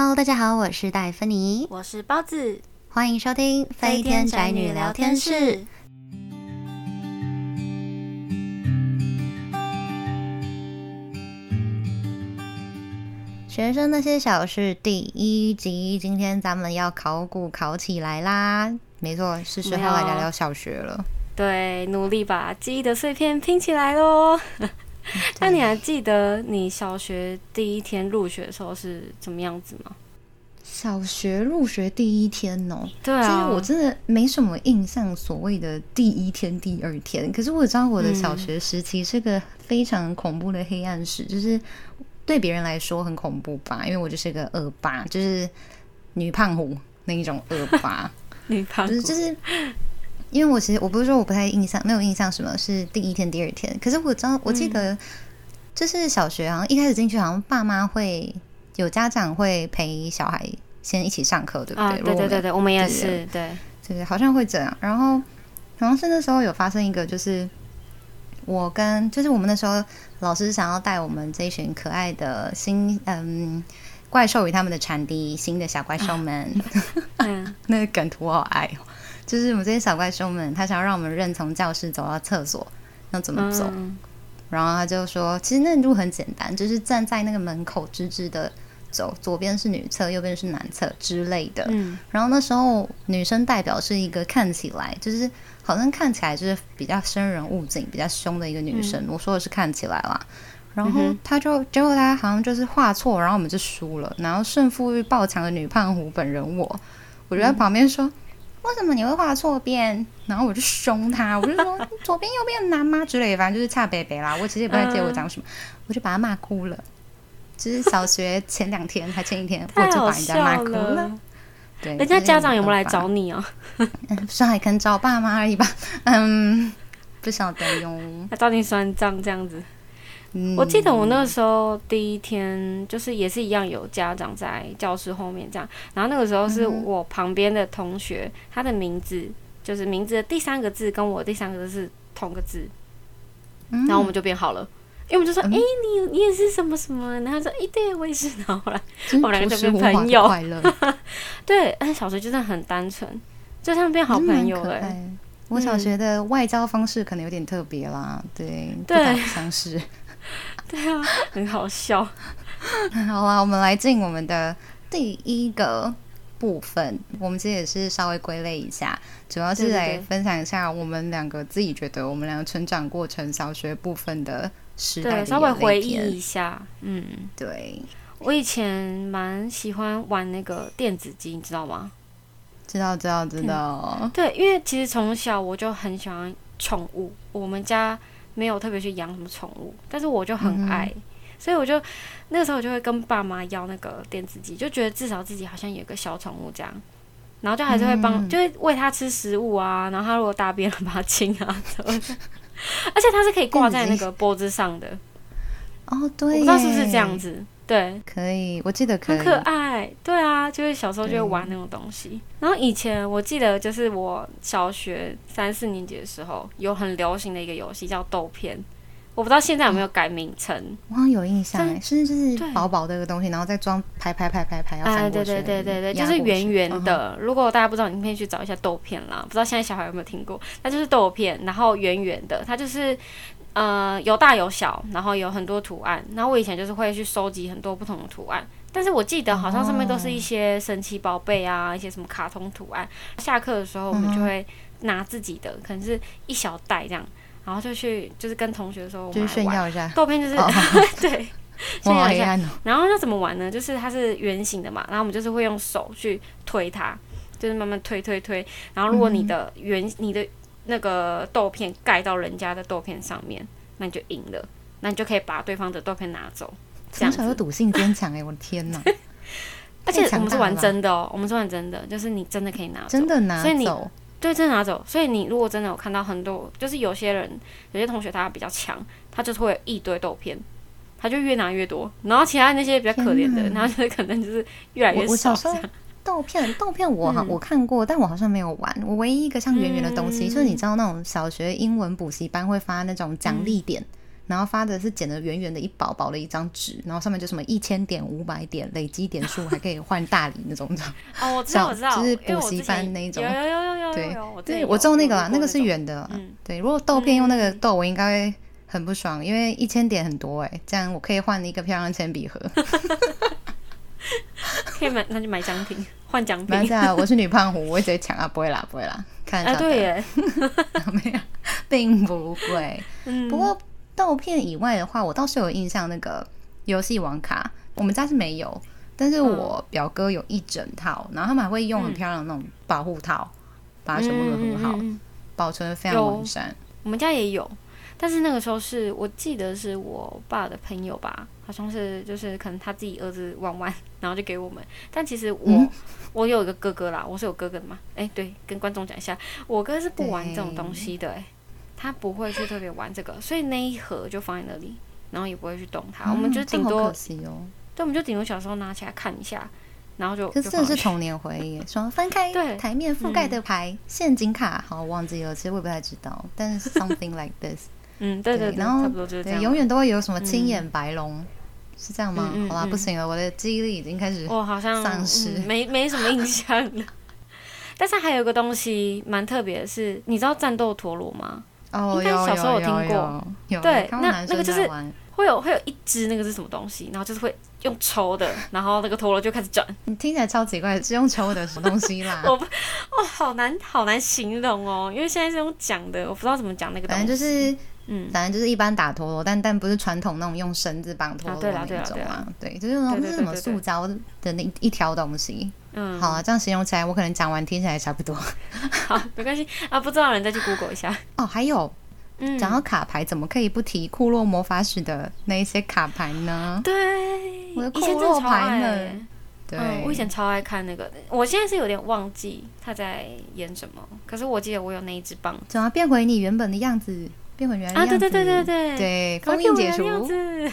Hello，大家好，我是戴芬尼，我是包子，歡迎收聽《飛天宅女聊天室》。室學生那些小事第一集，今天咱們要考古考起來啦！沒錯，是時候來聊聊小學了。對，努力把記憶的碎片拼起來嘍！ 那你還記得你小學第一天入學的時候是怎麼樣子嗎？小學入學第一天哦、喔，對啊，其實我真的沒什麼印象。所謂的第一天、第二天，可是我知道我的小學時期是個非常恐怖的黑暗史，嗯、就是對別人來說很恐怖吧？因為我就是一個惡霸，就是女胖虎那一種惡霸， 女胖古就是、就是因為我其實我不是說我不太印象，沒有印象什麼是第一天、第二天，可是我知道我記得、嗯、就是小學，好像一開始進去，好像爸媽會有家長會陪小孩先一起上課，對不對？啊、對對對，對對對，我們也是，對，就是對好像會這樣。然後好像是那時候有發生一個，就是我跟就是我們那時候老師想要帶我們這一群可愛的新嗯怪獸與他們的產地新的小怪獸們，那個梗圖我好愛哦。就是我們這些小怪獸們，他想要讓我們認從教室走到廁所要怎麼走，嗯、然後他就說，其實那路很簡單，就是站在那個門口，直直的走，左邊是女廁，右邊是男廁之類的。嗯、然後那時候女生代表是一個看起來就是好像看起來就是比較生人勿近、比較兇的一個女生。嗯、我說的是看起來啦，然後他就、嗯、哼結果他好像就是畫錯，然後我們就輸了。然後勝負欲爆強的女胖虎本人，我，我就在旁邊說。嗯為什麼你會畫錯邊？然後我就凶他， 我就說左邊右邊難嗎？之類的，反正就是恰北北啦。我其實也不太記得我講什麼，呃、我就把他罵哭了。就是小學前兩天 還前一天，我就把人家罵哭了。了對，人家家長有沒有來找你啊？、喔嗯？算，可能找爸媽而已吧。嗯，不曉得喲。 他找你算賬這樣子？嗯、我記得我那個時候第一天就是也是一樣，有家長在教室後面這樣。然後那個時候是我旁邊的同學，嗯、他的名字就是名字的第三個字跟我第三個字是同個字，嗯、然後我們就變好了，因為我們就說：“哎、嗯欸，你你也是什麼什麼？”然後說：“哎、欸、對，我也是。”然後後來我們兩個就變朋友。 對，但小學就是很單純，就像變好朋友哎、欸。我小學的外交方式可能有點特別啦，嗯、對，對。不打不相識。 對啊，很好笑。 好啦，我們來進我們的第一個部分。我們其實也是稍微歸類一下，主要是來分享一下我們兩個自己覺得我們兩個成長過程小學部分的時代的。對，稍微回憶一下。嗯，對。我以前蠻喜歡玩那個電子雞，你知道嗎？知道，知道，知道。嗯、對，因為其實從小我就很喜歡寵物，我們家。沒有特別去養什麼寵物，但是我就很愛，嗯、哼所以我就那個時候我就會跟爸媽要那個電子雞，就覺得至少自己好像有個小寵物這樣，然後就還是會幫，嗯、哼就會餵它吃食物啊，然後它如果大便了把它清啊， 而且它是可以掛在那個脖子上的，哦，oh, 對，我不知道是不是這樣子。對，可以，我記得可以。很可愛，對啊，就是小時候就會玩那種東西。對然後以前我記得，就是我小學三四年級的時候，有很流行的一個遊戲叫豆片，我不知道現在有沒有改名稱、嗯。我好像有印象、欸，但是，是就是薄薄的一個東西，對然後再裝排排排排排，要翻過去。對對、呃、對對對對，就是圓圓的。哦哦，如果大家不知道，你可以去找一下豆片啦。不知道現在小孩有沒有聽過？那就是豆片，然後圓圓的，它就是。呃，有大有小，然後有很多圖案。那我以前就是會去收集很多不同的圖案，但是我記得好像上面都是一些神奇寶貝啊，oh. 一些什麼卡通圖案。下課的時候，我們就會拿自己的，oh. 可能是一小袋這樣，然後就去就是跟同學說，我們玩豆片就是、oh. 對，oh. 炫耀一下。然後那怎麼玩呢？就是它是圓形的嘛，然後我們就是會用手去推它，就是慢慢推推推。然後如果你的圓你的那個豆片蓋到人家的豆片上面。那你就贏了，那你就可以把對方的豆片拿走。從小就賭性堅強哎， 我的天哪！而且我們是玩真的哦、喔，我們是玩真的，就是你真的可以拿走，真的拿走。所以你對，真的拿走。所以你如果真的有看到很多，就是有些人有些同學他比較強，他就是會有一堆豆片，他就越拿越多。然後其他那些比較可憐的人，哪他就是可能就是越來越少。我我豆片，豆片，我好，我看過，但我好像沒有玩。我唯一一個像圓圓的東西，就是你知道那種小學英文補習班會發那種獎勵點，然後發的是剪的圓圓的一，薄薄的一張紙，然後上面就什麼一千點、五百點累積點數，還可以換大禮那種。哦，我知道，我知道，就是補習班那一種。有有有對，對，我中那個啦，那個是圓的。對，如果豆片用那個豆，我應該會很不爽，因為一千點很多哎，這樣我可以換一個漂亮鉛筆盒，可以買，那就買獎品。品沒事啊，我是女胖虎， 我也直接搶啊，不會啦，不會啦，看長輩。欸、對耶，沒有，並不會。 嗯、不過，照片以外的話，我倒是有印象那個遊戲王卡，我們家是沒有，但是我表哥有一整套，嗯、然後他們還會用很漂亮那種保護套，嗯、把它全部都很好，嗯嗯嗯保存的非常完善。我們家也有，但是那個時候是我記得是我爸的朋友吧，好像是就是可能他自己兒子玩玩。然後就給我們，但其實我我有一個哥哥啦，我是有哥哥的嘛。哎，對，跟觀眾講一下，我哥是不玩這種東西的，哎，他不會去特別玩這個，所以那一盒就放在那裡，然後也不會去動它。我們就頂多，可惜哦。對，我們就頂多小時候拿起來看一下，然後就真的是童年回憶。什麼翻開對，台面覆蓋的牌陷阱卡，好忘記了，其實我也不太知道。但是 something like this，嗯，對對，然後對，永遠都會有什麼青眼白龍。是這樣嗎？嗯嗯嗯好啦，不行了，嗯嗯我的記憶力已經開始我好像喪失，沒沒什麼印象了。但是還有一個東西蠻特別的是你知道戰鬥陀螺嗎？哦，有有有聽有。有有有對，那那個就是會有會有一隻那個是什麼東西，然後就是會用抽的，然後那個陀螺就開始轉。你聽起來超奇怪，是用抽的什麼東西啦？ 我哦，好難好難形容哦、喔，因為現在是用講的，我不知道怎麼講那個東西，反正就是。嗯，反正就是一般打陀螺，但但不是傳統那種用繩子綁陀螺那種啊，啊對對對對對，對，就是那種不是什麼塑膠的那一,一條東西。嗯，好啊，這樣形容起來，我可能講完聽起來差不多。 好，沒關係啊，不知道的人再去 Google 一下。哦，還有，嗯，講到卡牌，怎麼可以不提《庫洛魔法使》的那一些卡牌呢？對，我的庫洛牌呢？欸、對、嗯，我以前超愛看那個，我現在是有點忘記他在演什麼，可是我記得我有那一隻棒。怎麼變回你原本的樣子。變回原樣啊，對對對對對對，高回原來對，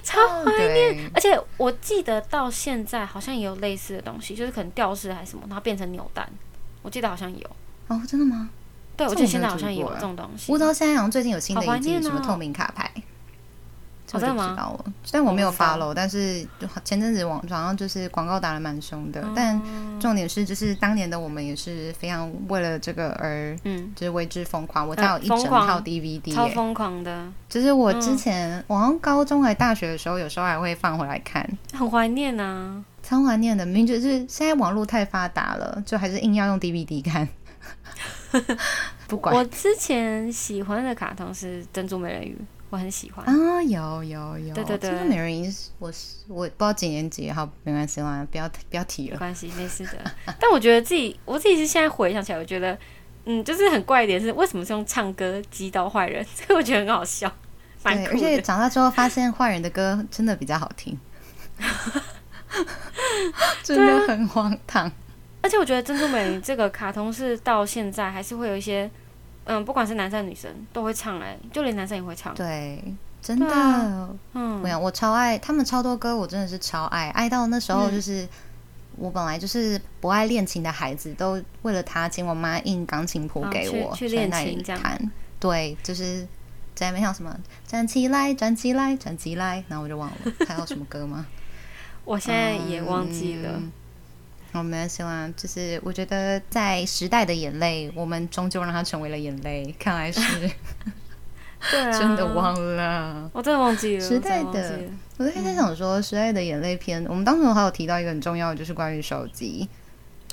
超懷念。對而且我記得到現在好像也有類似的東西，就是可能吊飾還是什麼，然後變成扭蛋。我記得好像有。哦，真的嗎？對，我記得現在好像也有這種東西。我知道現在好像最近有新的一季，哦、什麼透明卡牌。我就知道了，雖然我沒有 follow，但是就前陣子網上就是廣告打得蠻兇的，但重點是就是當年的我們也是非常為了這個而嗯，就是為之瘋狂。我家有一整套 DVD，超瘋狂的。就是我之前我高中還大學的時候，有時候還會放回來看，很懷念啊，超懷念的。明明就是現在網絡太發達了，就還是硬要用 DVD 看。不管我之前喜歡的卡通是《珍珠美人魚》。我很喜歡啊，有有有，有對對對，真的美人魚，我是我不知道幾年級，好沒關係，不要不要提了，沒關係沒事的。 但我覺得自己，我自己是現在回想起來，我覺得，嗯，就是很怪一點的是，為什麼是用唱歌擊倒壞人？這 個我覺得很好笑對，而且長大之後發現壞人的歌真的比較好聽， 真的很荒唐。而且我覺得珍珠美人魚這個卡通是到現在還是會有一些。嗯，不管是男生女生都會唱哎、欸，就連男生也會唱。對，真的，啊啊，嗯，沒有，我超愛他們超多歌，我真的是超愛，愛到那時候就是，嗯，我本來就是不愛練琴的孩子，都為了他請我媽印鋼琴譜給我，啊，去練琴這樣。對，就是在那沒唱什麼，站起來，站起來，站起來，然後我就忘了 還有什麼歌嗎？我現在也忘記了。嗯我們希望，就是我覺得，在時代的眼淚，我們終究讓它成為了眼淚。看來是， 對啊， 真的忘了，我真的忘記了時代的。我在在想說，時代的眼淚篇，嗯、我們當時還有提到一個很重要的，就是關於手機。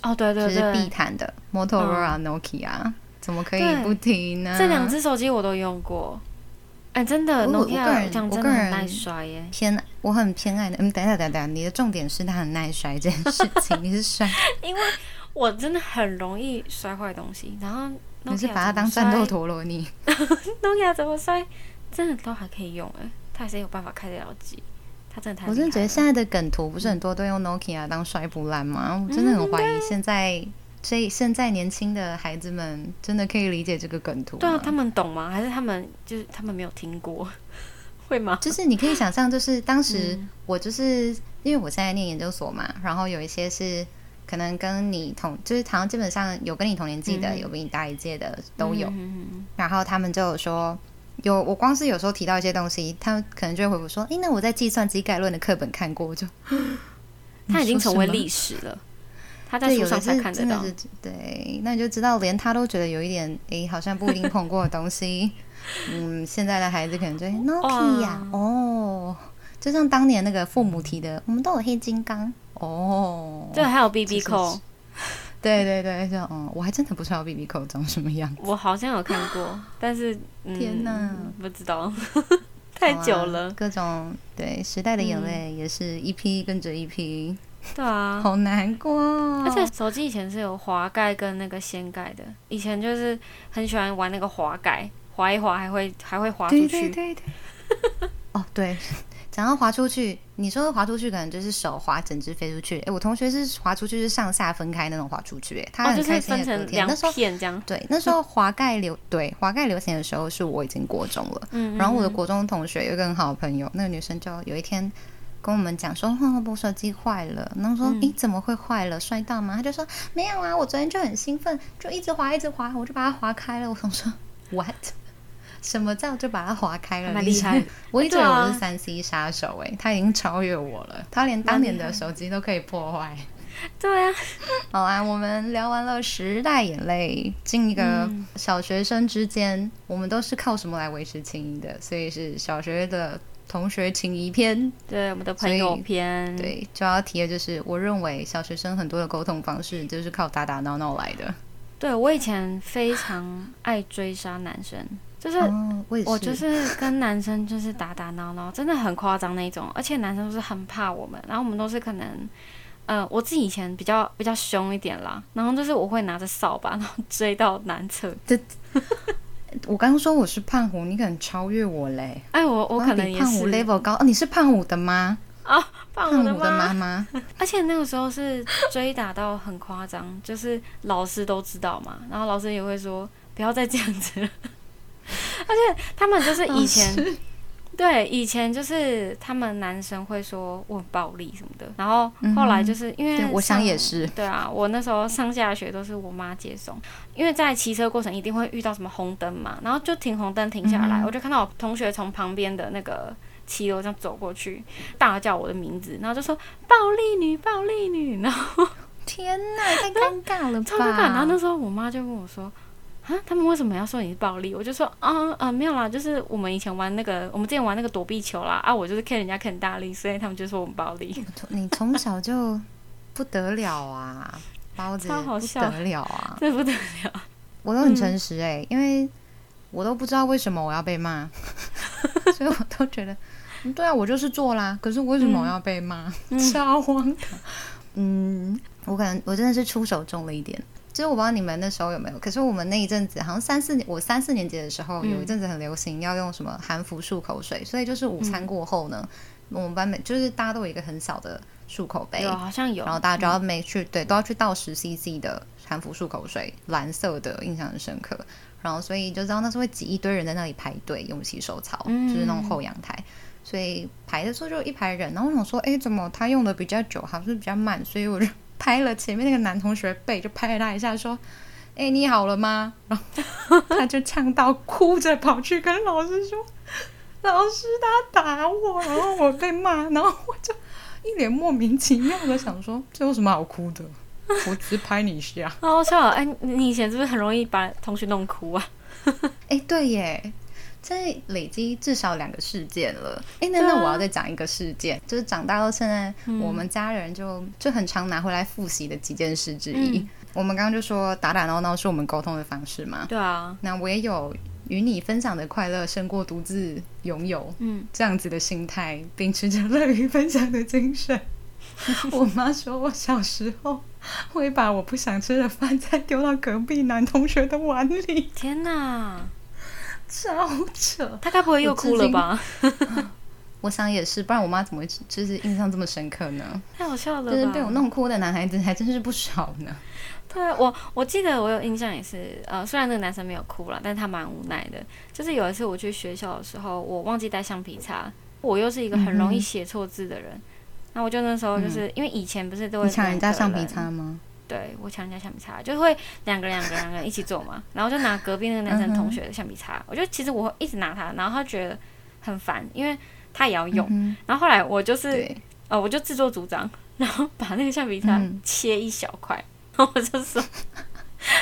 哦，對對對，就是必談的、嗯、Motorola、Nokia，怎麼可以不提呢？這兩隻手機我都用過。哎，欸、真的我，我個人，Nokia 摔欸，我個人偏，我很偏愛。嗯，等等等等，你的重點是它很耐摔這件事情， 你是摔。 因為我真的很容易摔壞東西，然後，Nokia，你是把它當戰鬥陀螺，你，Nokia 怎麼摔，真的都還可以用哎，欸，他還是有辦法開得了機，他真的太。我真的覺得現在的梗圖不是很多，嗯、都用諾基亞當摔不爛嗎？我真的很懷疑現在。所以現在年輕的孩子們真的可以理解這個梗圖嗎？對啊，他們懂嗎？還是他們就是他們沒有聽過？會嗎？就是你可以想象，就是當時我就是因為我現在念研究所嘛，然後有一些是可能跟你同就是好像基本上有跟你同年紀的，嗯、哼有比你大一屆的都有。嗯、哼哼然後他們就有說，有我光是有時候提到一些東西，他們可能就會回復說：“誒、欸，那我在計算機概論的課本看過。”就，它呵已經成為歷史了。他在手上是真的是對，那你就知道，連他都覺得有一點誒，好像不一定碰過的東西。嗯，現在的孩子可能就 Nokia 呀，哦，就像當年那個父母提的，我們都有黑金剛哦，對，還有 BB 扣，對對對，就哦，我還真的不知道 BB 扣長什麼樣子，我好像有看過，但是天哪，不知道太久了，各種對時代的眼淚也是一批跟着一批。對啊，好難過、哦。而且手機以前是有滑蓋跟那個掀蓋的，以前就是很喜歡玩那個滑蓋，滑一滑，還會還會滑出去。對對對哦，對，想要、 哦、滑出去，你說滑出去可能就是手滑整隻飛出去。哎、欸，我同學是滑出去是上下分開那種滑出去、欸，哎，他很開心的。哦就是、分成兩片這樣。對，那時候滑蓋流，對，滑蓋流行的時候是我已經國中了，嗯，嗯，嗯，然後我的國中同學有一個很好朋友，那個女生就有一天。跟我們講說，換哦，部手機壞了。然後說，嗯、誒，怎麼會壞了？摔到嗎？他就說，沒有啊，我昨天就很興奮，就一直劃，一直劃，我就把它劃開了。我想說，what？什麼叫就把它劃開了？厲害！厲害，我一直以為我是三 C 殺手、欸，誒、啊，他已經超越我了。他連當年的手機都可以破壞。對啊。好啊，我們聊完了時代眼淚，進一個小學生之間，嗯、我們都是靠什麼來維持情誼的？所以是小學的。同學情誼篇，對，我們的朋友篇，對，主要提的就是，我認為小學生很多的溝通方式就是靠打打鬧鬧來的。對，我以前非常愛追殺男生，就是我就是跟男生就是打打鬧鬧，真的很誇張那一種，而且男生都是很怕我們，然後我們都是可能，呃，我自己以前比較比較凶一點啦，然後就是我會拿着掃把，然後追到男廁。這 我剛剛說我是胖虎，你可能超越我嘞！哎，我我可能也是虎 level 高。哦，你是胖虎的嗎？啊，哦，胖虎的媽媽。媽，而且那個時候是追打到很誇張， 就是老師都知道嘛，然後老師也會說不要再這樣子了。 而且他們就是以前。對，以前就是他們男生會說我很暴力什麼的，然後後來就是因為、嗯、我想也是，對啊，我那時候上下學都是我媽接送，因為在騎車過程一定會遇到什麼紅燈嘛，然後就停紅燈停下來，嗯、我就看到我同學從旁邊的那個騎樓這樣走過去，大叫我的名字，然後就說暴力女，暴力女，然後天呐，太尷尬了吧，超尷尬，然後那時候我媽就跟我說。啊！他們為什麼要說你是暴力？我就說啊啊、呃，沒有啦，就是我們以前玩那個，我們之前玩那個躲避球啦啊，我就是看人家看大力，所以他們就說我們暴力。你從小就不得了啊， 包子不得了啊，真的不得了。我都很誠實哎、欸，嗯、因為我都不知道為什麼我要被罵， 所以我都覺得，對啊，我就是做啦，可是為什麼我要被罵？慌的、嗯。嗯， 超慌 嗯，我可能我真的是出手重了一點。其實我不知道你們那時候有沒有，可是我們那一陣子好像三四年，我三四年級的時候有一陣子很流行、嗯、要用什麼含氟漱口水，所以就是午餐過後呢，嗯、我們班每就是大家都有一個很小的漱口杯，有好像有，然後大家就要每去、嗯、對都要去倒十 CC 的含氟漱口水，藍色的印象很深刻，然後所以就知道那時候會擠一堆人在那裡排隊用洗手槽，就是那種後陽台，嗯嗯所以排的時候就一排人，然後我想說，哎，怎麼他用的比較久，還是比較慢，所以我就。拍了前面那個男同學背，就拍了他一下，說：“哎、欸，你好了嗎？”然後他就嗆到，哭着跑去跟老師說：“ 老師，他打我，然後我被罵，然後我就一臉莫名其妙的想說，這有什麼好哭的？我只是拍你一下。 哦”然後我說哎，你以前是不是很容易把同學弄哭啊？哎 欸，對耶。在累積至少兩個事件了，哎、欸，那那我要再講一個事件，啊、就是長大到現在，我們家人就、嗯、就很常拿回來複習的幾件事之一。嗯、我們剛剛就說打打鬧鬧是我們溝通的方式嘛，對啊。那我也有與你分享的快樂勝過獨自擁有，嗯，這樣子的心態，秉、嗯、持着樂於分享的精神。 我媽說我小時候會把我不想吃的飯菜丟到隔壁男同學的碗裡，天哪！笑着，他該不會又哭了吧？我我想也是，不然我媽怎麼會就是印象這麼深刻呢？太好笑了。就是被我弄哭的男孩子還真是不少呢。對，我我記得我有印象也是，呃，雖然那個男生沒有哭了，但是他蠻無奈的。就是有一次我去學校的時候，我忘記帶橡皮擦，我又是一個很容易寫錯字的人，嗯、那我就那時候就是、嗯、因為以前不是都會人你搶人家橡皮擦嗎？對，我搶人家橡皮擦，就會兩個兩個兩個一起做嘛，然後就拿隔壁那個男生同學的橡皮擦。嗯、哼我就其實我一直拿他，然後他覺得很煩，因為他也要用。嗯、哼然後後來我就是，對哦，我就自作主張，然後把那個橡皮擦切一小塊，嗯、哼然後我就說，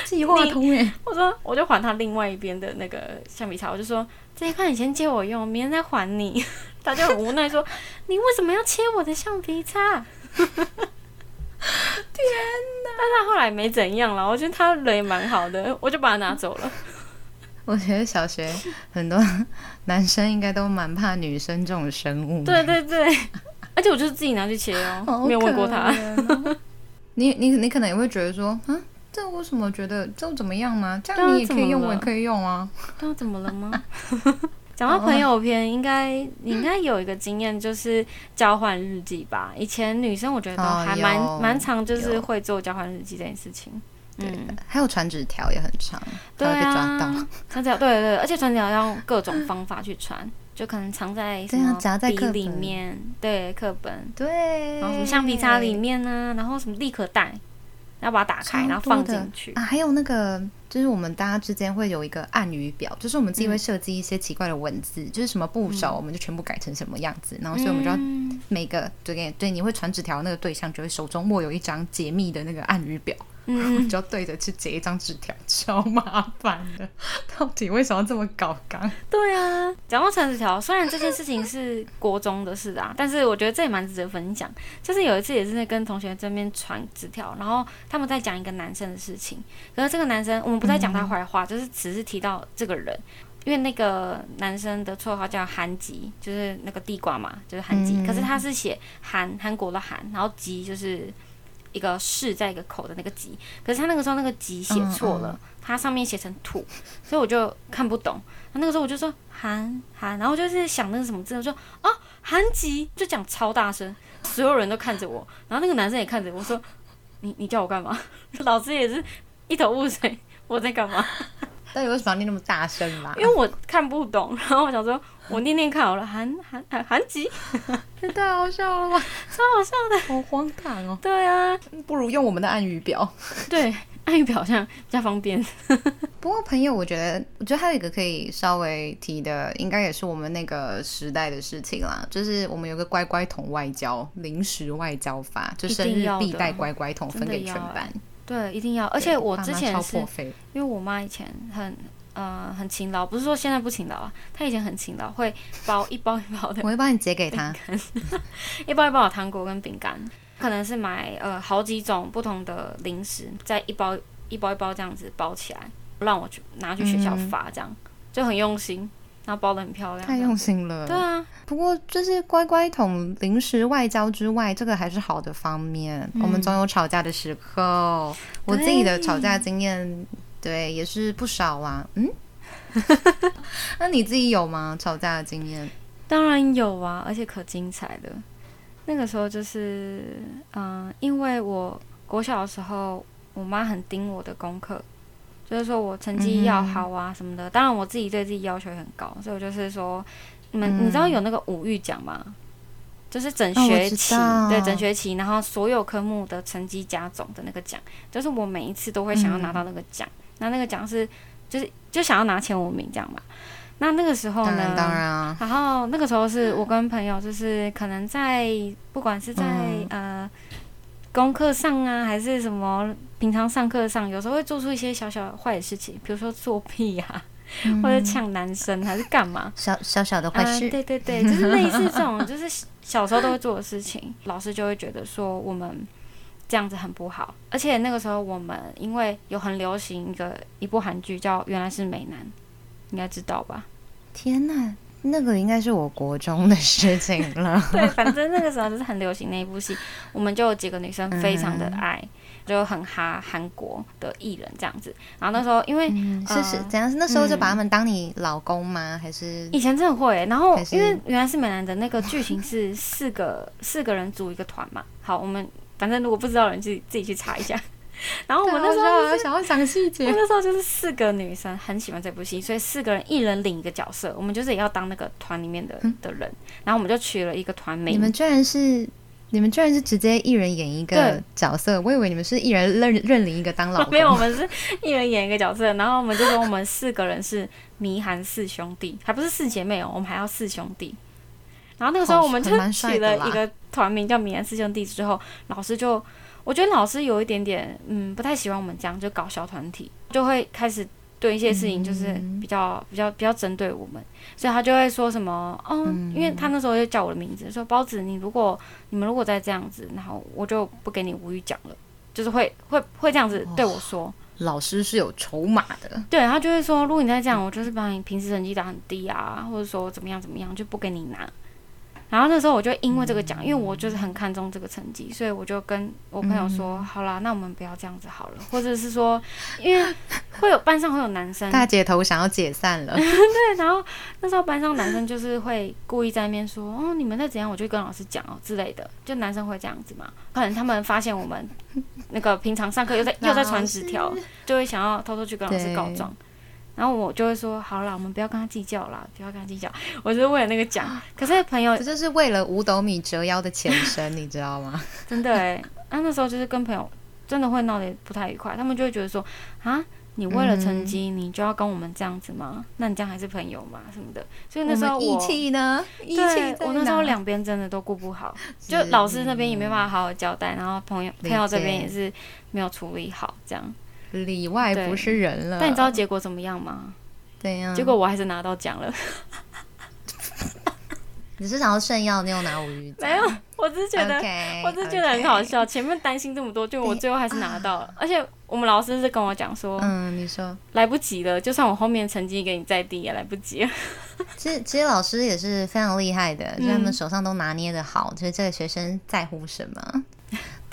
是圓柱體。我說我就還他另外一邊的那個橡皮擦，我就說這一塊你先借我用，明天再還你。 他就很無奈說， 你為什麼要切我的橡皮擦？ 天吶！但是他後來沒怎樣了，我覺得他人也蠻好的，我就把他拿走了。 我覺得小學很多男生應該都蠻怕女生這種生物。對對對，而且我就是自己拿去切哦，沒有問過他。 你你你可能也會覺得說，啊、這我怎麼覺得這怎麼樣嗎？這樣你也可以用，我也可以用啊。他怎麼了嗎？講到朋友篇，oh. 應該你應該有一個經驗，就是交換日記吧。以前女生我覺得都還蠻蠻常，oh, 常就是會做交換日記這件事情。對嗯，還有傳紙條也很常，對啊，傳紙條對對，而且傳紙條要用各種方法去傳， 就可能藏在什、啊、在筆裡，夾在課對課本，對，對然後什麼橡皮擦裡面呢、啊，然後什麼立可帶。要把它打開，然後放進去啊！還有那個，就是我們大家之間會有一個暗語表，就是我們自己會設計一些奇怪的文字，嗯、就是什麼部首，嗯、我們就全部改成什麼樣子，然後所以我們就要每個就給對，對你會傳紙條的那個對象，就會手中握有一張解密的那個暗語表。嗯， 我就要對着去截一張紙條，超麻煩的。到底為什麼要這麼搞？剛 對啊，講到傳紙條。雖然這件事情是國中的事啊， 但是我覺得這也蠻值得分享。就是有一次也是在跟同學這邊傳紙條，然後他們在講一個男生的事情。可是這個男生，我們不再講他壞話，嗯、就是只是提到這個人，因為那個男生的綽號叫韓吉，就是那個地瓜嘛，就是韓吉。嗯、可是他是寫韓韓國的韓，然後吉就是。一個士在一個口的那個吉，可是他那個時候那個吉寫錯了，他、嗯嗯、上面寫成土，所以我就看不懂。他那個時候我就說韓韓，然後就是想那個什麼字，我就說啊韓吉，就講超大聲，所有人都看着我，然後那個男生也看着我說，你你叫我幹嘛？老師也是一頭霧水，我在幹嘛？但你為什麼要念那麼大聲嘛、啊？因為我看不懂，然後我想說，我念念看好了，韓韓韓韓吉， 太好笑了吧，超好笑的，好荒唐哦。對啊，不如用我們的暗語表。 對，暗語表好像比較方便。 不過朋友，我覺得，我覺得還有一個可以稍微提的，應該也是我們那個時代的事情啦，就是我們有個乖乖桶外交臨時外交法，就是生日必帶乖乖桶分給全班。對，一定要。而且我之前是，因為我媽以前很呃很勤勞，不是說現在不勤勞啊，她以前很勤勞，會包一包一包的，我會幫你寄給她 一包一包的糖果跟餅乾，可能是買呃好幾種不同的零食，再一包一包一包這樣子包起來，讓我去拿去學校發，這樣嗯嗯就很用心。那包的很漂亮，太用心了。對啊，不過就是乖乖桶、零食外交之外，這個還是好的方面。嗯、我們總有吵架的時候，對我自己的吵架經驗，對，也是不少啊。嗯， 那你自己有嗎？吵架的經驗？當然有啊，而且可精彩的。那個時候就是，嗯、呃，因為我國小的時候，我媽很盯我的功課。就是說我成績要好啊什麼的，嗯、當然我自己對自己要求也很高，所以我就是說，你們、嗯、你知道有那個五育獎嗎？就是整學期，對，整學期，然後所有科目的成績加總的那個獎，就是我每一次都會想要拿到那個獎。嗯、那那個獎是，就是就想要拿前五名這樣吧。那那個時候呢，當然，當然啊。然後那個時候是我跟朋友，就是可能在，不管是在、嗯、呃。功課上啊，還是什麼？平常上課上，有時候會做出一些小小壞的事情，比如說作弊呀、啊，嗯、或者搶男生，還是幹嘛？小，小小小的壞事、嗯，對對對，就是類似這種，就是小時候都會做的事情。 老師就會覺得說我們這樣子很不好，而且那個時候我們因為有很流行一個一部韓劇叫《原來是美男》，應該知道吧？天哪！那個應該是我國中的事情了。 對，反正那個時候就是很流行那一部戲， 我們就有幾個女生非常的愛，嗯、就很哈韓國的藝人這樣子。然後那時候因為、嗯、是是、呃、怎樣？那時候就把他們當你老公嗎？嗯、還是以前真的會、欸？然後是因為原來是美男的那個劇情是四個 四個人組一個團嘛。好，我們反正如果不知道的人，自己自己去查一下。然後我們那時候想要想細節，那時候就是四個女生很喜歡這部戲，所以四個人一人領一個角色，我們就是也要當那個團裡面的的人。嗯、然後我們就取了一個團名，你們居然是你們居然是直接一人演一個角色，對我以為你們是一人認認領一個當老，沒有，我們是一人演一個角色。然後我們就說我們四個人是迷寒四兄弟， 還不是四姐妹哦，我們還要四兄弟。然後那個時候我們就取了一個團名、哦、叫迷寒四兄弟，之後老師就。我覺得老師有一點點，嗯，不太喜歡我們這樣，就搞小團體，就會開始對一些事情就是比較、嗯、比較比較針對我們，所以他就會說什麼，嗯、哦，因為他那時候就叫我的名字，嗯、說包子，你如果你們如果再這樣子，然後我就不給你無語講了，就是會會會這樣子對我說，哦、老師是有籌碼的，對，他就會說，如果你再這樣，我就是把你平時成績打很低啊，或者說怎麼樣怎麼樣，就不給你拿。然後那時候我就因為這個獎，嗯、因為我就是很看重這個成績，嗯、所以我就跟我朋友說：“嗯、好啦，那我們不要這樣子好了。”或者是說，因為會有班上會有男生大姐頭想要解散了。 對，然後那時候班上男生就是會故意在那邊說：“ 哦，你們在怎樣？”我就跟老師講哦之類的，就男生會這樣子嘛。可能他們發現我們那個平常上課又在師又在傳紙條，就會想要偷偷去跟老師告狀。然後我就會說，好啦，我們不要跟他計較啦，不要跟他計較。我就是為了那個獎，可是朋友，是這就是為了五斗米折腰的前身， 你知道嗎？真的哎、欸，那、啊、那時候就是跟朋友真的會鬧得不太愉快，他們就會覺得說，啊，你為了成績，你就要跟我們這樣子嗎？嗯、那你這樣還是朋友嗎？什麼的。所以那時候我，我義氣呢？義氣對，我那時候兩邊真的都顧不好，是就老師那邊也沒辦法好好交代，嗯、然後朋友朋友這邊也是沒有處理好，這樣。裡外不是人了，但你知道結果怎麼樣嗎？對呀。結果我還是拿到獎了。你是想要炫耀你有拿五魚。沒有，我只是覺得，我只是覺得很好笑。前面擔心這麼多，就我最後還是拿到了。而且我們老師是跟我講說：“嗯，你說來不及了，就算我後面成績給你再低也來不及。”其實，其實老師也是非常厲害的，就他們手上都拿捏得好，就是這個學生在乎什麼。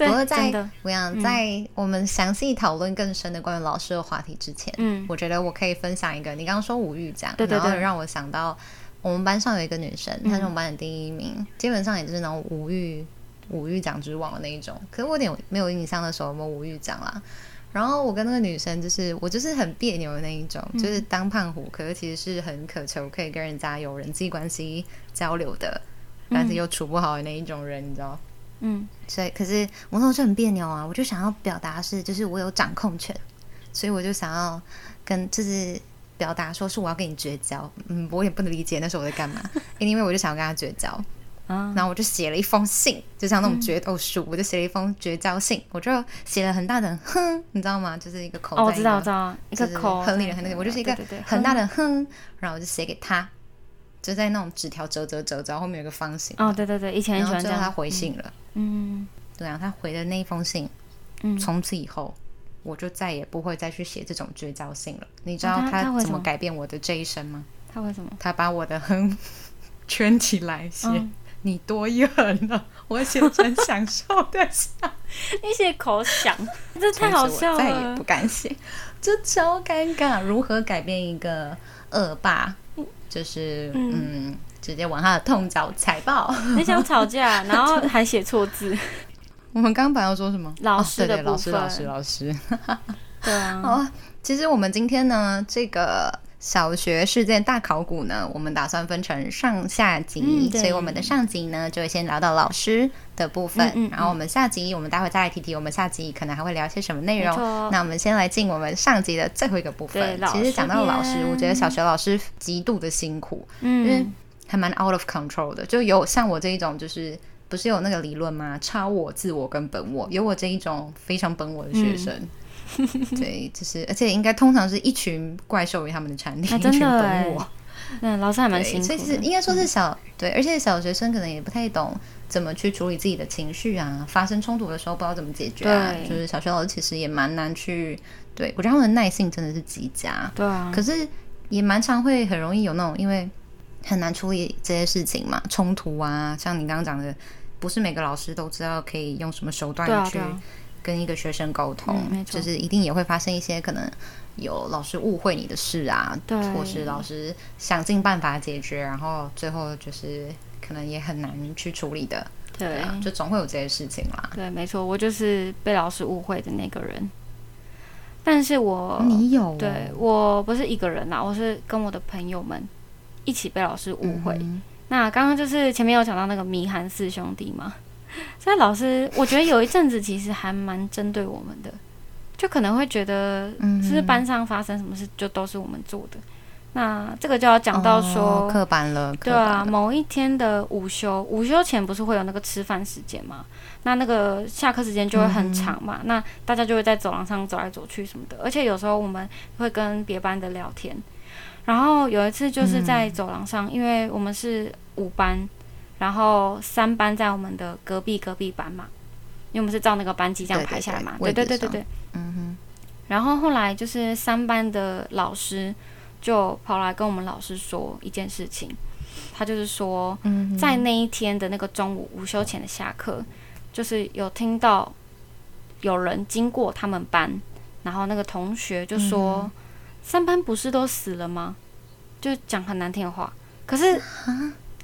不過在我想在、嗯、我們詳細討論更深的關於老師的話題之前，嗯、我覺得我可以分享一個你剛剛說五育獎，對對對，然後讓我想到我們班上有一個女生，她是我們班的第一名，嗯、基本上也就是那種五育五育獎之王的那一種。可是我有點沒有印象的時候，我們五育獎啦。然後我跟那個女生就是我就是很彆扭的那一種，嗯、就是當胖虎，可是其實是很渴求可以跟人家有人際關係交流的，但是又處不好的那一種人，嗯、你知道？嗯，所以可是我那時候就很彆扭啊，我就想要表達是，就是我有掌控權，所以我就想要跟，就是表達說是我要跟你絕交。嗯，我也不能理解那時候我在幹嘛， 因為我就想要跟他絕交。啊，然後我就寫了一封信，就像那種決鬥、嗯哦、書，我就寫了一封絕交信，我就寫了很大的哼，你知道嗎？就是一個口在一個、哦我知道，我知道，一個口，很厲害，很厲害，我就是一個很大的哼，哼然後我就寫給他。就在那種紙條折折折折後面有個方形。哦，對對對，以前很喜歡叫他回信了。嗯，對啊，他回的那封信，嗯，從此以後我就再也不會再去寫這種絕交信了。嗯、你知道他怎麼改變我的這一生嗎？啊、他為什麼？他把我的橫圈起來寫，哦、你多一橫了，我寫成享受的，那些 口想，這太好笑了，我再也不敢寫，這超尷尬，如何改變一個惡霸？就是嗯，嗯直接往他的痛腳踩爆，很想吵架， 然後還寫錯字。 我們剛剛要說什麼？老師，哦、對,對,對，老師，老,老師，老 師、啊，對啊。哦，其實我們今天呢，這個。小學事件大考古呢，我們打算分成上下集，嗯、所以我們的上集呢，就會先聊到老師的部分，嗯嗯嗯、然後我們下集，我們待會再來提提我們下集可能還會聊些什麼內容。沒錯。那我們先來進我們上集的最後一個部分。其實講到老師，我覺得小學老師極度的辛苦，嗯、因為還蠻 out of control 的，就有像我這一種，就是不是有那個理論嗎？超我、自我跟本我，有我這一種非常本我的學生。嗯 對，就是，而且應該通常是一群怪獸為他們的產品，啊、一群動物、欸。嗯，老師還蠻辛苦的，所以其實應該說是小、嗯、對，而且小學生可能也不太懂怎麼去處理自己的情緒啊，發生衝突的時候不知道怎麼解決啊。對就是小學老師其實也蠻難去，對，我覺得他們的耐性真的是極佳。對啊，可是也蠻常會很容易有那種，因為很難處理這些事情嘛，衝突啊，像你剛剛講的，不是每個老師都知道可以用什麼手段去。跟一個學生溝通，嗯、沒錯，就是一定也會發生一些可能有老師誤會你的事啊，對或是老師想盡辦法解決，然後最後就是可能也很難去處理的，對，對、啊，就總會有這些事情啦。對，沒錯，我就是被老師誤會的那個人，但是我你有對我不是一個人啦，我是跟我的朋友們一起被老師誤會。嗯、哼那剛剛就是前面有講到那個迷寒四兄弟嘛。所以老師，我覺得有一陣子其實還蠻針對我們的， 就可能會覺得，嗯，是不是班上發生什麼事，就都是我們做的。嗯嗯那這個就要講到說，哦、刻板了，刻板了對啊。某一天的午休，午休前不是會有那個吃飯時間嘛？那那個下課時間就會很長嘛？嗯嗯那大家就會在走廊上走來走去什麼的。而且有時候我們會跟別班的聊天。然後有一次就是在走廊上，嗯、因為我們是五班。然後三班在我們的隔壁隔壁班嘛，因為我們是照那個班級這樣排下來嘛，對對對，對對對對，嗯哼。然後後來就是三班的老師就跑來跟我們老師說一件事情，他就是說，嗯哼。在那一天的那個中午午休前的下課，就是有聽到有人經過他們班，然後那個同學就說：“嗯哼。三班不是都死了嗎？”就講很難聽的話，可是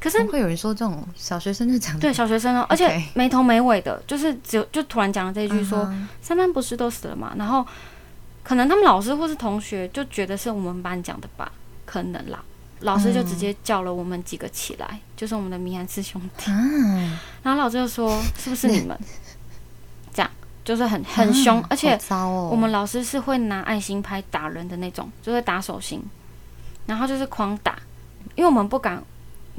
可是會有人說這種小學生就講對小學生哦、喔，而且沒頭沒尾的，Okay. 就是只有就突然講了這一句說、uh huh. 三班不是都死了嗎？然後可能他們老師或是同學就覺得是我們班講的吧，可能啦。老師就直接叫了我們幾個起來，uh huh. 就是我們的米安四兄弟。Uh huh. 然後老師就說是不是你們？ 這樣就是很很兇，uh huh. 而且、哦、我們老師是會拿愛心拍打人的那種，就會、是、打手心，然後就是狂打，因為我們不敢。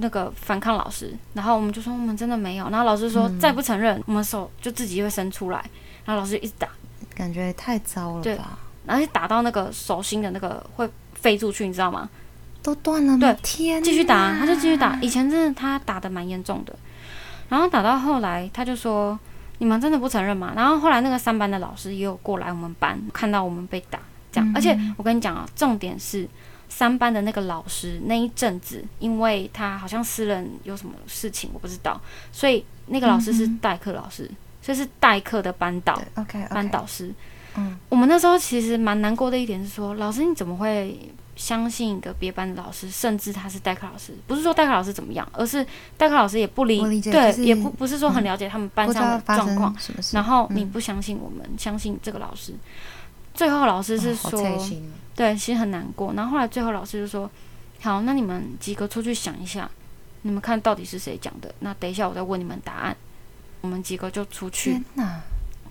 那個反抗老師，然後我們就說我們真的沒有，然後老師說再不承認，嗯、我們手就自己會伸出來，然後老師一直打，感覺也太糟了吧？對，然後就打到那個手心的那個會飛出去，你知道嗎？都斷了。對，天哪，繼續打，他就繼續打。以前真的他打得蠻嚴重的，然後打到後來他就說你們真的不承認嗎？然後後來那個三班的老師也有過來我們班，看到我們被打，這樣，嗯、而且我跟你講啊，重點是。三班的那個老師那一陣子，因為他好像私人有什麼事情，我不知道，所以那個老師是代課老師，所以是代課的班導班導師。我們那時候其實蠻難過的一點是說，老師你怎麼會相信一個別班的老師，甚至他是代課老師？不是說代課老師怎麼樣，而是代課老師也不理，對，也不不是說很了解他們班上的狀況。然後你不相信我們，相信這個老師，最後老師是說。對，其實很難過。然後後來最後老師就說：“好，那你們幾個出去想一下，你們看到底是誰講的？那等一下我再問你們答案。”我們幾個就出去，天哪，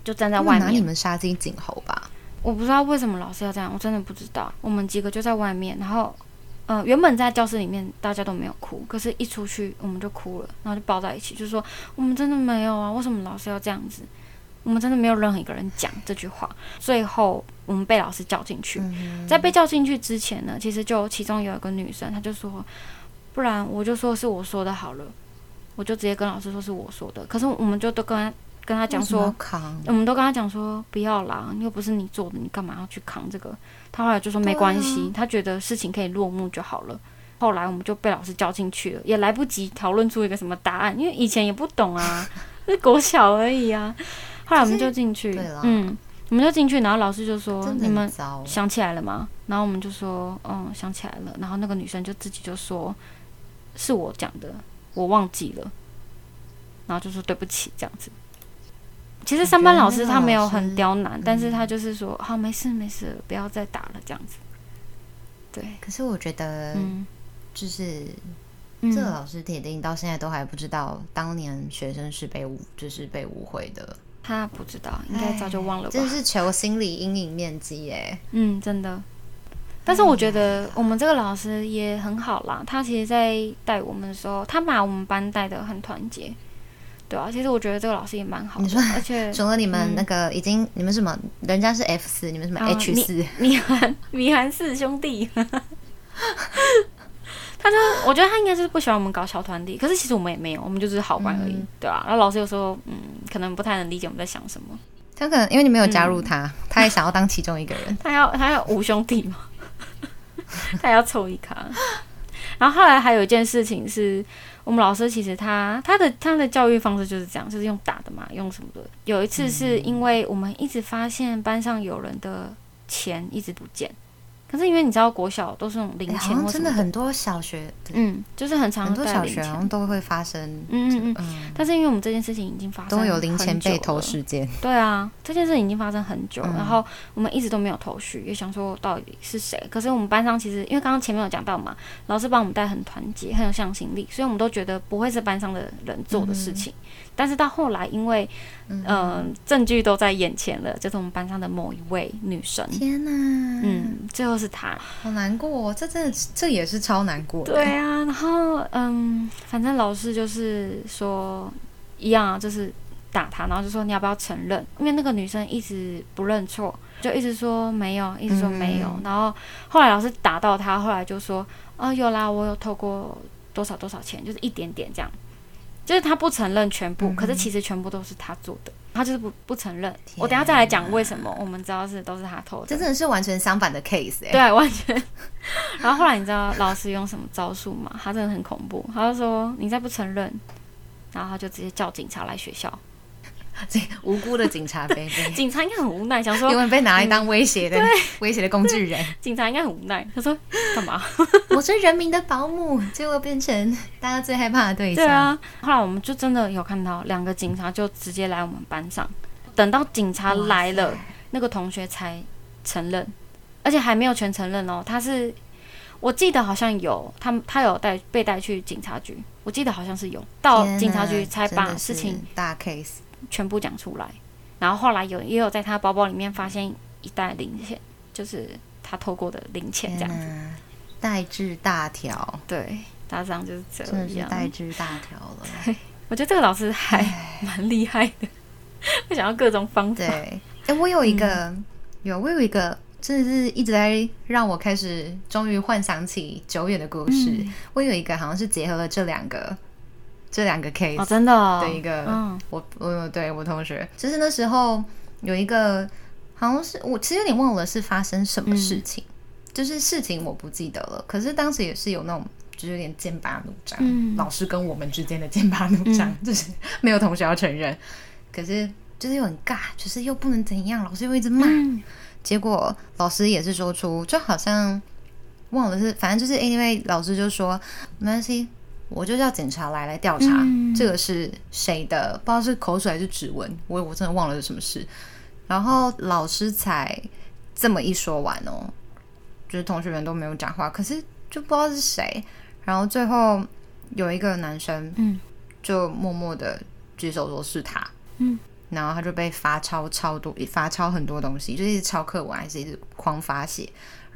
就站在外面。拿、嗯、你們殺雞儆猴吧！我不知道為什麼老師要這樣，我真的不知道。我們幾個就在外面，然後，呃，原本在教室裡面大家都沒有哭，可是一出去我們就哭了，然後就抱在一起，就說：“我們真的沒有啊，為什麼老師要這樣子？”我們真的沒有任何一個人講這句話。最後，我們被老師叫進去。嗯、在被叫進去之前呢，其實就其中有一個女生，她就說：“不然我就說是我說的好了，我就直接跟老師說是我說的。”可是我們就都跟他跟他講說：“要扛我們都跟他講說不要啦，又不是你做的，你干嘛要去扛這個？”他後來就說：“沒關係，啊、他覺得事情可以落幕就好了。”後來我們就被老師叫進去了，也來不及討論出一個什麼答案，因為以前也不懂啊， 是國小而已啊。後來我們就進去，嗯，我們就進去，然後老師就說：“你們想起來了嗎？”然後我們就說：“嗯，想起來了。”然後那個女生就自己就說：“是我講的，我忘記了。”然後就說：“對不起，這樣子。”其實三班老師他沒有很刁難，但是他就是說：“嗯、好，沒事，沒事，不要再打了。”這樣子。對。可是我覺得、就是，嗯，就是這個老師鐵定到現在都還不知道當年學生是被誤，就是被誤會的。他不知道，應該早就忘了、哎。這是求心理陰影面積耶、欸！嗯，真的。但是我覺得我們這個老師也很好啦，他其實，在帶我們的時候，他把我們班帶得很團結。對啊，其實我覺得這個老師也蠻好的。你說，而且，除了你們那個已經，你們什麼？嗯、人家是 F 四，你們是米 H 四、啊，米韓，米韓四兄弟。 他就我覺得他應該是不喜歡我們搞小團體，可是其實我們也沒有，我們就只是好玩而已，嗯、對啊，然後老師有時候嗯，可能不太能理解我們在想什麼。他可能因為你沒有加入他，嗯、他也想要當其中一個人。他要他要五兄弟嗎？ 他要湊一咖。然後後來還有一件事情是，我們老師其實他他的他的教育方式就是這樣，就是用打的嘛，用什麼的。有一次是因為我們一直發現班上有人的錢一直不見。可是因為你知道，國小都是那種零錢的，欸、真的很多小學，嗯，就是很常零錢，很多小學好像都會發生嗯，嗯嗯嗯。但是因為我們這件事情已經發生，都有零錢被偷事件，對啊，這件事已經發生很久，嗯、然後我們一直都沒有頭緒，也想說到底是誰。可是我們班上其實因為剛剛前面有講到嘛，老師幫我們帶很團結，很有向心力，所以我們都覺得不會是班上的人做的事情。嗯但是到後來，因為，嗯，證據都在眼前了，就是我們班上的某一位女生。天哪！嗯，最後是她好難過，哦，這真的這也是超難過。對啊，然後嗯、呃，反正老師就是說一樣，啊，就是打她，然後就說你要不要承認？因為那個女生一直不認錯，就一直說沒有，一直說沒有。然後後來老師打到她，後來就說啊，有啦，我有偷過多少多少錢，就是一點點這樣。就是他不承認全部，嗯、可是其實全部都是他做的，他就是不不承認。哪我等一下再來講為什麼，我們知道是都是他偷的。這真的是完全相反的 case 哎、欸，對，完全。 然後後來你知道老師用什麼招數嗎？他真的很恐怖，他就說你再不承認，然後他就直接叫警察來學校。無辜的警察菲 警察應該很無奈，對想說因為被拿來當威脅的對威脅的工具人，警察應該很無奈。他說：“幹嘛？我是人民的保姆， 結果變成大家最害怕的對象。”對啊，後來我們就真的有看到兩個警察就直接來我們班上。等到警察來了，塞那個同學才承認，而且還沒有全承認哦。他是我記得好像有他，他有帶被帶去警察局。我記得好像是有到警察局才把哪事情大 case。全部講出來，然後後來有也有在他包包裡面發現一袋零錢，就是他偷過的零錢這樣子，代志、啊、大條，對，大張就是這樣，真的是代志大條了。我覺得這個老師還蠻厲害的，唉會想要各種方法。哎、欸，我有一個，嗯、有我有一個，真的是一直在讓我開始，終於幻想起久遠的故事。嗯、我有一個好像是結合了這兩個。這兩個 case、哦、真的、哦、的一個我，我我、哦嗯、對我同學，就是那時候有一個好像是我，其實有點忘了是發生什麼事情，嗯、就是事情我不記得了，可是當時也是有那種就是有點劍拔弩張，嗯、老師跟我們之間的劍拔弩張，嗯、就是沒有同學要承認，可是就是又很尬，就是又不能怎樣，老師又一直罵，嗯、結果老師也是說出就好像忘了是反正就是 anyway，老師就說沒關係。我就叫警察來來調查，嗯、這個是誰的？不知道是口水還是指紋，我我真的忘了是什麼事。然後老師才這麼一說完哦，就是同學們都沒有講話，可是就不知道是誰。然後最後有一個男生，就默默的舉手說是他，嗯，然後他就被罰抄超多，罰抄很多東西，就是抄課文，還是一直狂罰寫。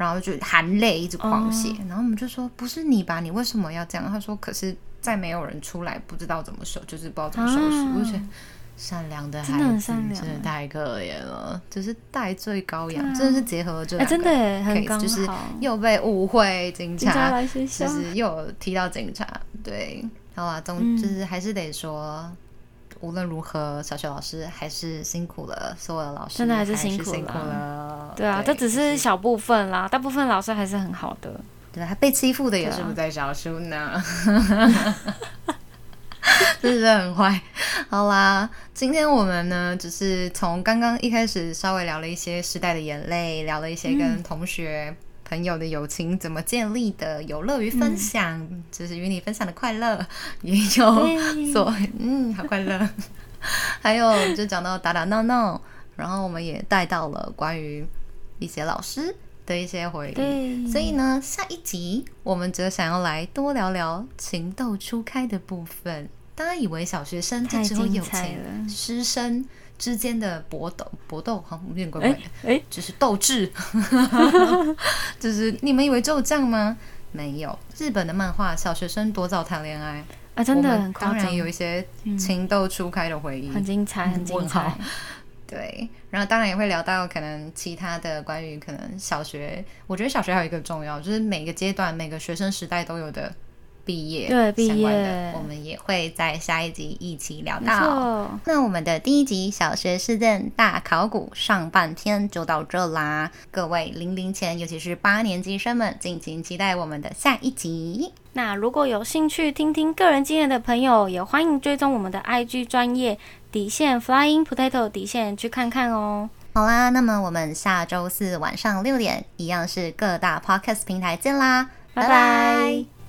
然後就含淚一直狂寫，oh. 然後我們就說：“不是你吧？你為什麼要這樣？”他說：“可是再沒有人出來，不知道怎麼收，就是不知道怎麼收拾。”我覺得善良的孩子，真的,嗯、真的太可憐了，就是代罪羔羊，真的、啊、是結合了這兩個、欸、真的，很剛好就是又被誤會警察，就是又有提到警察，對，好啊總之、嗯、還是得說。無論如何，小學老師還是辛苦了，所有的老師真的還是辛苦了。對啊，這只是小部分啦，啊、大部分老師還是很好的。對啊，還被欺負的也、啊、 是不在少數呢。真的很壞。好啦，今天我們呢，只、就是從剛剛一開始稍微聊了一些時代的眼淚，聊了一些跟同學。嗯朋友的友情怎麼建立的？有樂於分享，嗯、就是與你分享的快樂，嗯、也有所對嗯，好快樂。 還有就講到打打鬧鬧，然後我們也帶到了關於一些老師的一些回憶。對所以呢，下一集我們則想要來多聊聊情竇初開的部分。大家以為小學生就只有友情、師生。之間的搏鬥，搏鬥哈、嗯，有點怪怪的，欸、就是鬥智，欸、 就是你們以為只有這樣嗎？沒有，日本的漫畫小學生多早談戀愛啊，真的，當然有一些情竇初開的回憶，嗯，很精彩，很精彩。對，然後當然也會聊到可能其他的關於可能小學，我覺得小學還有一個重要，就是每個階段每個學生時代都有的。畢業，對，畢業相關的，我們也會在下一集一起聊到。沒錯。那我們的第一集《小學事件大考古》上半天就到這啦。各位零零前，尤其是八年級生們，敬請期待我們的下一集。那如果有興趣聽聽個人經驗的朋友，也歡迎追蹤我們的 IG 專業底線 Flying Potato 底線去看看哦。好啦，那麼我們下周四晚上六點，一樣是各大 Podcast 平台見啦，bye bye 拜拜。